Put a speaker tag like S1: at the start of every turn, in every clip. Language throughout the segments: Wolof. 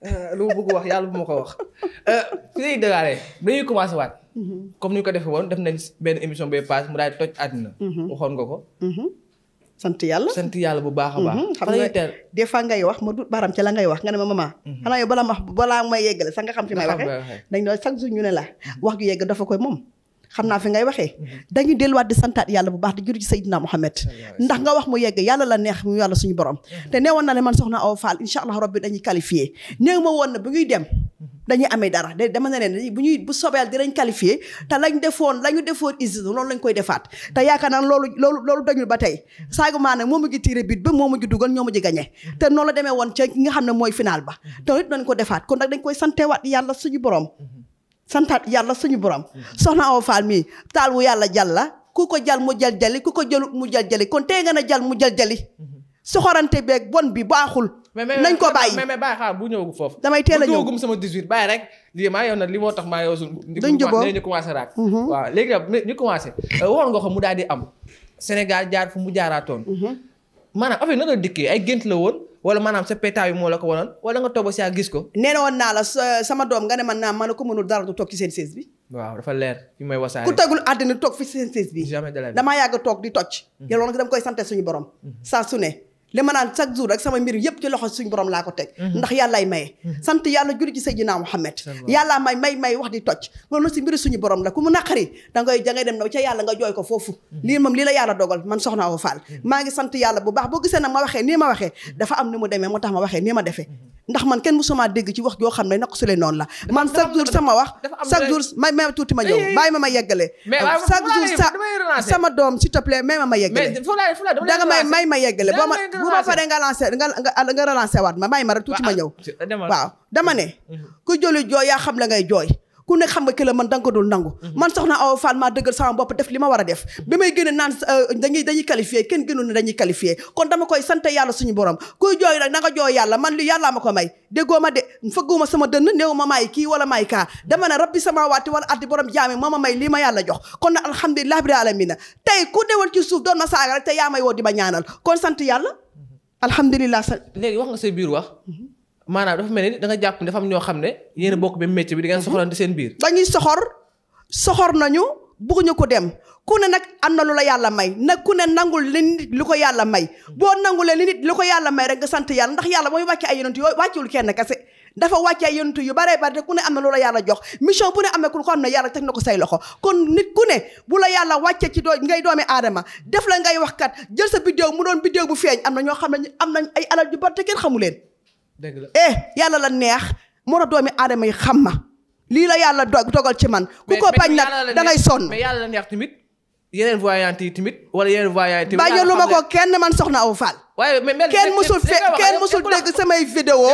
S1: Euh, lu ma bëgg wax yàlla bu ma ko wax. Euh, fi ñuy dégaaree dañuy commencé waat. Mhm. comme ni ñu ko defee woon def nañ benn émission bay paas mu daal di toj àddina. Mhm. waxoon
S2: nga ko. Mhm. sant yàlla sant yàlla bu baax a baax. xam nga des ma du baram la ngay wax nga ne ma maman. xanaa yow balaa ma balaa may yeggale sax nga xam si may waxee. dañ doon chaque jour ñu ne la wax ju yegg dafa koy moom. xam naa fi ngay waxee mhm. dañu delluwaat di santaat yàlla bu baax di jur ci Seydina Muhammad ndax nga wax mu yegg yàlla la neex mu yàlla suñu borom mhm. te woon na le man soxna Awa Fall incha allah rabbi dañuy qualifié mhm. néew ma woon na bu ñuy dem dañuy amee dara de dama ne leen bu ñuy bu sobeel dinañ qualifié te lañ defoon la ñu defoon ISRA loolu lañ koy defaat te yaakaar naa loolu loolu loolu dañul ba tey Sadio Mané moo mujj tiré but ba moo mujj dugal ñoo ji gagné te noonu la demee woon ca ki nga xam ne mooy final ba te it nañ ko defaat kon nag dañ koy santewaat yàlla suñu borom santaat yàlla suñu borom soxna Awa Fall mii taal wu yàlla jàlla ku ko jal mu jal jali ku ko jëlut mu jal jali kon tey nga ne jal mu jal jali mhm. soxorante beeg bon bi baaxul. nañ ko bàyyi mais
S1: mais bàyyi xaar bu ñëwagum foofu. damay teel a ñëw bu sama 18 bàyyi rek lii maa yow nag li moo tax maa yow suñu. dañ jubóo ñu commencé raak. Mhm. waaw léegi nag ñu commencé. Euh, waxoon nga ko mu daal di am Sénégal jaar fu mu jaaraatoon. Mhm. maanaam affaire yi nan la dikkee ay gént
S2: la woon. wala maanaam sa pétaaw yi moo la ko wanoon wala nga toog ba si gis ko. nee na woon naa la sama doom nga ne man naa ma a ko mënul dara du toog ci seen sées bi.
S1: waaw dafa leer may wasaare. ku tegul
S2: àddina toog fi seen sées bi. damaa yàgg toog di toj. Mhm. yàlla loolu da koy sante suñu borom. Mhm. saa su ne li ma naan chaque jour ak sama mbir yëpp ci loxo suñu borom laa ko teg mhm. ndax yàllaay maye mhm. sant yàlla julli ci Seydina Muhammad yàllaa may may may wax di toj loolu nag si mbiri suñu borom la ku mu naqari da ngay da dem na ca yàlla nga jooy ko foofu mhm. lii moom lii la yàlla dogal man soxna Awa Fall maa ngi sant yàlla bu baax boo gisee nag ma waxee nii ma waxee dafa am ni mu demee moo tax ma waxee nii ma defee ndax man kenn musuma dégg ci wax joo xam ne na su leen la man chaque jour sama wax chaque jour may may tuuti ma ñëw bàyyi ma ma sa sama doom s'il te plaît may ma ma yeggale da nga may ma yeggale boo ma bu ma paree nga lancé waat may ma tuuti ma ñëw ah, waaw dama ne mhm. ku jëlu jooy yaa xam la ngay jooy ku nekk xam nga ki man danga ko dul nangu mhm. man soxna Awa Fall maa dëggal sama bopp def li ma war a def mhm. bi may génne naan euh, dañuy dañuy qualifié kenn gënu ne dañuy qualifié kon dama koy sant yàlla suñu borom kuy jooy nag na nga jooy yàlla man li yàllaa ma ko may déggoo ma de fëgguma sama dënn néew ma maay kii wala maay kaa mhm. dama ne rabbi sama waati wala addi borom jaami moo ma may lii ma yàlla jox kon nag alhamdulilah bi alamina tey ku dewoon ci suuf doon ma saaga rek te yaa may woo di ma ñaanal kon sant yàlla alhamdulilah sa
S1: léegi wax nga say biir wax maanaam dafa mel ni da nga jàpp ne dafa am ñoo xam ne yéen a bokk ba métier bi di ngeen soxorante seen biir.
S2: dañuy soxor soxor nañu bëgguñu ko dem ku ne nag am na lu la yàlla may nag ku ne nangul li nit lu ko yàlla may boo nangulee li nit lu ko yàlla may rek nga sant yàlla ndax yàlla mooy wàcce ay yonent yooyu wàccewul kenn kese. dafa wàcce yu bare bare ne am na lu yàlla jox mission bu ne am na yàlla teg na ko say loxo kon nit ku ne la yàlla wàcce ci doo ngay doomi aadama def la wax kat jël mu doon bidéew bu feeñ am na ñoo xam ne am nañ ay alal ju bare te kenn xamu leen dëgg la eh yàlla la neex moo tax doomi aadama yi xam ma lii la yàlla dogal ci man. ku ko bañ nag dangay sonn
S1: mais yàlla la neex tamit. yeneen voyante yi tamit wala yeneen voyante yi. ba yónnu ma ko
S2: kenn man soxna Awa Fall. waaye mais mel kenn musul fe kenn musul dégg samay vidéo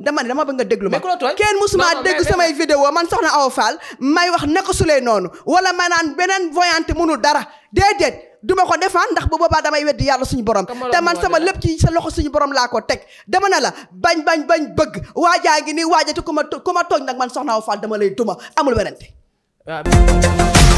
S2: dama ne dama bëgg nga déglu ma kenn musuma dégg samay vidéo man soxna Awa Fall may wax naka su lay noonu wala ma naan beneen mënul dara déedéet. duma ko defaan ah, ndax bu boobaa damay weddi yàlla suñu borom te man sama lépp ci sa loxo suñu borom laa ko teg dama ne la bañ bañ bañ bëgg waajaa ngi nii waajati ku ma ku ma tooñ nag man soxna Awa Fall dama lay duma amul werante